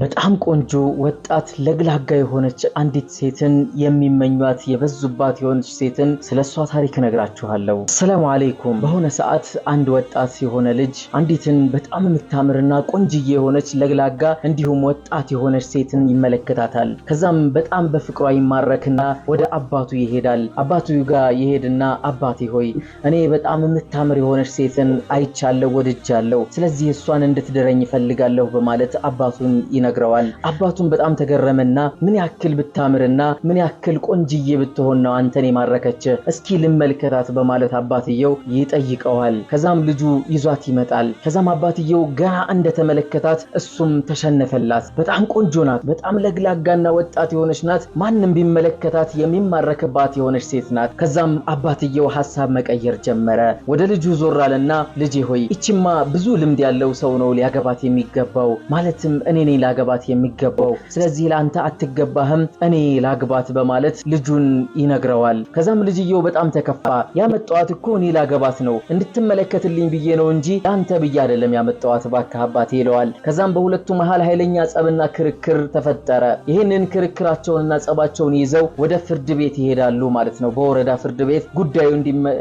በጣም ቆንጆ ወጣት ለግላጋ የሆነች አንዲት ሴትን የሚመኟት የበዙባት የሆነች ሴትን ስለ እሷ ታሪክ እነግራችኋለሁ። ሰላም አሌይኩም። በሆነ ሰዓት አንድ ወጣት የሆነ ልጅ አንዲትን በጣም የምታምርና ቆንጅዬ የሆነች ለግላጋ እንዲሁም ወጣት የሆነች ሴትን ይመለከታታል። ከዛም በጣም በፍቅሯ ይማረክና ወደ አባቱ ይሄዳል። አባቱ ጋር ይሄድና አባቴ ሆይ እኔ በጣም የምታምር የሆነች ሴትን አይቻለሁ፣ ወድጃለሁ። ስለዚህ እሷን እንድትድረኝ ይፈልጋለሁ በማለት አባቱን ይ። ይነግረዋል። አባቱም በጣም ተገረመና ምን ያክል ብታምርና ምን ያክል ቆንጅዬ ብትሆን ነው አንተን የማረከች እስኪ ልመልከታት በማለት አባትየው ይጠይቀዋል። ከዛም ልጁ ይዟት ይመጣል። ከዛም አባትየው ገና እንደተመለከታት እሱም ተሸነፈላት። በጣም ቆንጆ ናት። በጣም ለግላጋና ወጣት የሆነች ናት። ማንም ቢመለከታት የሚማረክባት የሆነች ሴት ናት። ከዛም አባትየው ሀሳብ መቀየር ጀመረ። ወደ ልጁ ዞር አለና ልጄ ሆይ ይችማ ብዙ ልምድ ያለው ሰው ነው ሊያገባት የሚገባው ማለትም እኔ ሊያገባት የሚገባው። ስለዚህ ለአንተ አትገባህም፣ እኔ ላግባት በማለት ልጁን ይነግረዋል። ከዛም ልጅየው በጣም ተከፋ። ያመጣዋት እኮ እኔ ላገባት ነው እንድትመለከትልኝ ብዬ ነው እንጂ ለአንተ ብዬ አይደለም ያመጣዋት፣ እባክህ አባቴ ይለዋል። ከዛም በሁለቱ መሃል ኃይለኛ ጸብና ክርክር ተፈጠረ። ይህንን ክርክራቸውንና ጸባቸውን ይዘው ወደ ፍርድ ቤት ይሄዳሉ ማለት ነው። በወረዳ ፍርድ ቤት ጉዳዩ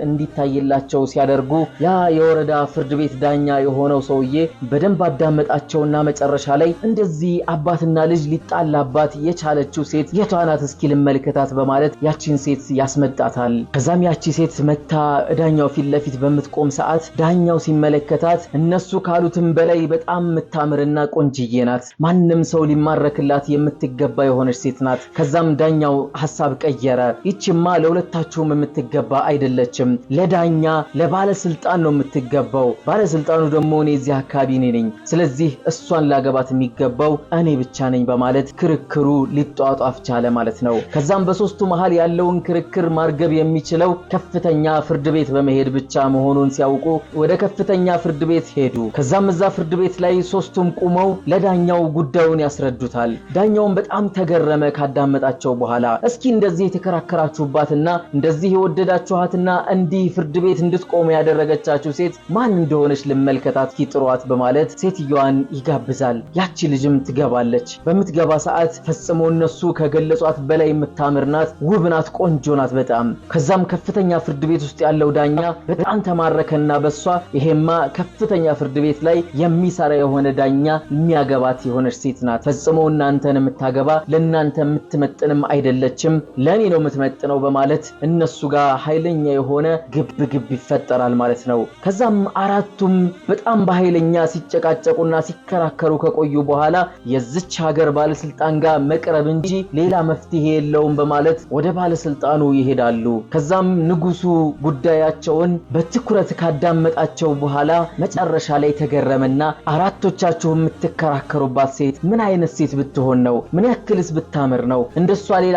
እንዲታይላቸው ሲያደርጉ ያ የወረዳ ፍርድ ቤት ዳኛ የሆነው ሰውዬ በደንብ አዳመጣቸውና መጨረሻ ላይ እንደዚህ እንደዚህ አባትና ልጅ ሊጣላባት የቻለችው ሴት የቷናት እስኪ ልመልከታት በማለት ያቺን ሴት ያስመጣታል። ከዛም ያቺ ሴት መታ ዳኛው ፊት ለፊት በምትቆም ሰዓት ዳኛው ሲመለከታት እነሱ ካሉትም በላይ በጣም የምታምርና ቆንጅዬ ናት። ማንም ሰው ሊማረክላት የምትገባ የሆነች ሴት ናት። ከዛም ዳኛው ሀሳብ ቀየረ። ይችማ ለሁለታችሁም የምትገባ አይደለችም፣ ለዳኛ ለባለስልጣን ነው የምትገባው። ባለስልጣኑ ደግሞ እኔ እዚህ አካባቢ እኔ ነኝ። ስለዚህ እሷን ላገባት የሚገባው እኔ ብቻ ነኝ በማለት ክርክሩ ሊጧጧፍ ቻለ ማለት ነው። ከዛም በሶስቱ መሃል ያለውን ክርክር ማርገብ የሚችለው ከፍተኛ ፍርድ ቤት በመሄድ ብቻ መሆኑን ሲያውቁ ወደ ከፍተኛ ፍርድ ቤት ሄዱ። ከዛም እዛ ፍርድ ቤት ላይ ሶስቱም ቁመው ለዳኛው ጉዳዩን ያስረዱታል። ዳኛውም በጣም ተገረመ ካዳመጣቸው በኋላ እስኪ እንደዚህ የተከራከራችሁባትና እንደዚህ የወደዳችኋትና እንዲህ ፍርድ ቤት እንድትቆሙ ያደረገቻችሁ ሴት ማን እንደሆነች ልመልከታት ኪጥሯት በማለት ሴትዮዋን ይጋብዛል። ያቺ ልጅም ትገባለች። በምትገባ ሰዓት ፈጽሞ እነሱ ከገለጿት በላይ የምታምር ናት፣ ውብ ናት፣ ቆንጆ ናት በጣም። ከዛም ከፍተኛ ፍርድ ቤት ውስጥ ያለው ዳኛ በጣም ተማረከና በሷ ይሄማ ከፍተኛ ፍርድ ቤት ላይ የሚሰራ የሆነ ዳኛ የሚያገባት የሆነች ሴት ናት። ፈጽሞ እናንተን የምታገባ ለእናንተ የምትመጥንም አይደለችም፣ ለእኔ ነው የምትመጥነው በማለት እነሱ ጋር ኃይለኛ የሆነ ግብ ግብ ይፈጠራል ማለት ነው። ከዛም አራቱም በጣም በኃይለኛ ሲጨቃጨቁና ሲከራከሩ ከቆዩ በኋላ የዝች ሀገር ባለስልጣን ጋር መቅረብ እንጂ ሌላ መፍትሄ የለውም በማለት ወደ ባለስልጣኑ ይሄዳሉ። ከዛም ንጉሱ ጉዳያቸውን በትኩረት ካዳመጣቸው በኋላ መጨረሻ ላይ ተገረመና አራቶቻችሁ የምትከራከሩባት ሴት ምን አይነት ሴት ብትሆን ነው? ምን ያክልስ ብታምር ነው? እንደሷ ሌላ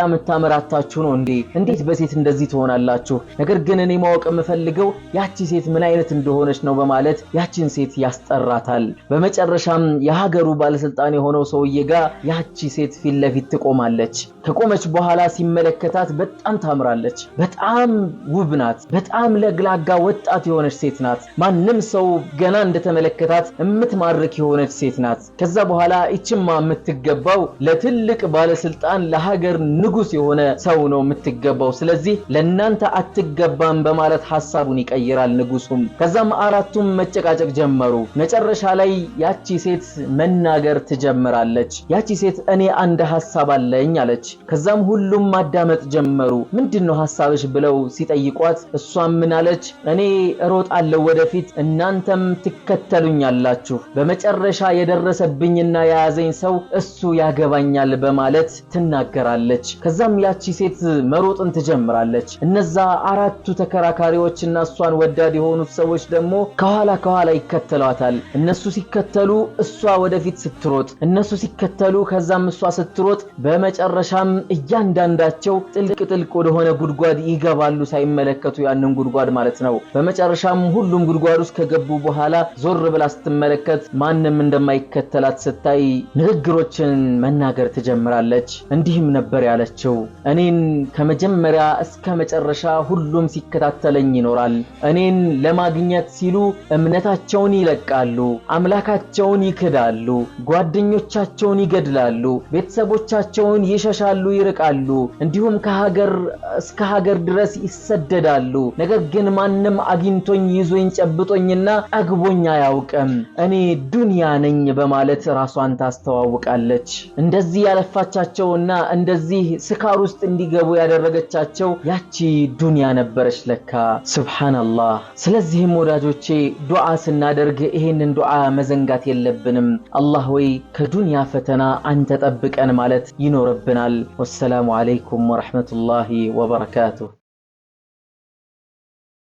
አታችሁ ነው እንዴ? እንዴት በሴት እንደዚህ ትሆናላችሁ? ነገር ግን እኔ ማወቅ የምፈልገው ያቺ ሴት ምን አይነት እንደሆነች ነው በማለት ያቺን ሴት ያስጠራታል። በመጨረሻም የሀገሩ ባለስልጣን የሆነው ሰውዬ ጋር ያቺ ሴት ፊት ለፊት ትቆማለች። ከቆመች በኋላ ሲመለከታት በጣም ታምራለች። በጣም ውብ ናት። በጣም ለግላጋ ወጣት የሆነች ሴት ናት። ማንም ሰው ገና እንደተመለከታት የምትማርክ የሆነች ሴት ናት። ከዛ በኋላ ይችማ የምትገባው ለትልቅ ባለስልጣን፣ ለሀገር ንጉስ የሆነ ሰው ነው የምትገባው። ስለዚህ ለእናንተ አትገባም በማለት ሀሳቡን ይቀይራል ንጉሱም። ከዛም አራቱም መጨቃጨቅ ጀመሩ። መጨረሻ ላይ ያቺ ሴት መናገር ትጀ ጀምራለች። ያቺ ሴት እኔ አንድ ሐሳብ አለኝ አለች። ከዛም ሁሉም ማዳመጥ ጀመሩ። ምንድን ነው ሐሳብሽ ብለው ሲጠይቋት እሷም ምን አለች? እኔ እሮጣለሁ ወደፊት፣ እናንተም ትከተሉኛላችሁ። በመጨረሻ የደረሰብኝና የያዘኝ ሰው እሱ ያገባኛል በማለት ትናገራለች። ከዛም ያቺ ሴት መሮጥን ትጀምራለች። እነዛ አራቱ ተከራካሪዎችና እሷን ወዳድ የሆኑት ሰዎች ደግሞ ከኋላ ከኋላ ይከተሏታል። እነሱ ሲከተሉ እሷ ወደፊት ስትሮጥ እነሱ ሲከተሉ ከዛም እሷ ስትሮጥ፣ በመጨረሻም እያንዳንዳቸው ጥልቅ ጥልቅ ወደሆነ ጉድጓድ ይገባሉ፣ ሳይመለከቱ ያንን ጉድጓድ ማለት ነው። በመጨረሻም ሁሉም ጉድጓድ ውስጥ ከገቡ በኋላ ዞር ብላ ስትመለከት ማንም እንደማይከተላት ስታይ ንግግሮችን መናገር ትጀምራለች። እንዲህም ነበር ያለችው፣ እኔን ከመጀመሪያ እስከ መጨረሻ ሁሉም ሲከታተለኝ ይኖራል። እኔን ለማግኘት ሲሉ እምነታቸውን ይለቃሉ፣ አምላካቸውን ይክዳሉ፣ ጓደኛ ጓደኞቻቸውን ይገድላሉ፣ ቤተሰቦቻቸውን ይሸሻሉ፣ ይርቃሉ፣ እንዲሁም ከሀገር እስከ ሀገር ድረስ ይሰደዳሉ። ነገር ግን ማንም አግኝቶኝ ይዞኝ ጨብጦኝና ጠግቦኝ አያውቅም እኔ ዱንያ ነኝ በማለት ራሷን ታስተዋውቃለች። እንደዚህ ያለፋቻቸውና እንደዚህ ስካር ውስጥ እንዲገቡ ያደረገቻቸው ያቺ ዱንያ ነበረች ለካ። ሱብሃነላህ። ስለዚህም ወዳጆቼ ዱዓ ስናደርግ ይሄንን ዱዓ መዘንጋት የለብንም። አላህ ወይ ከዱንያ ፈተና አንተ ጠብቀን ማለት ይኖርብናል። ወሰላሙ ዓለይኩም ወረሕመቱላሂ ወበረካቱሁ።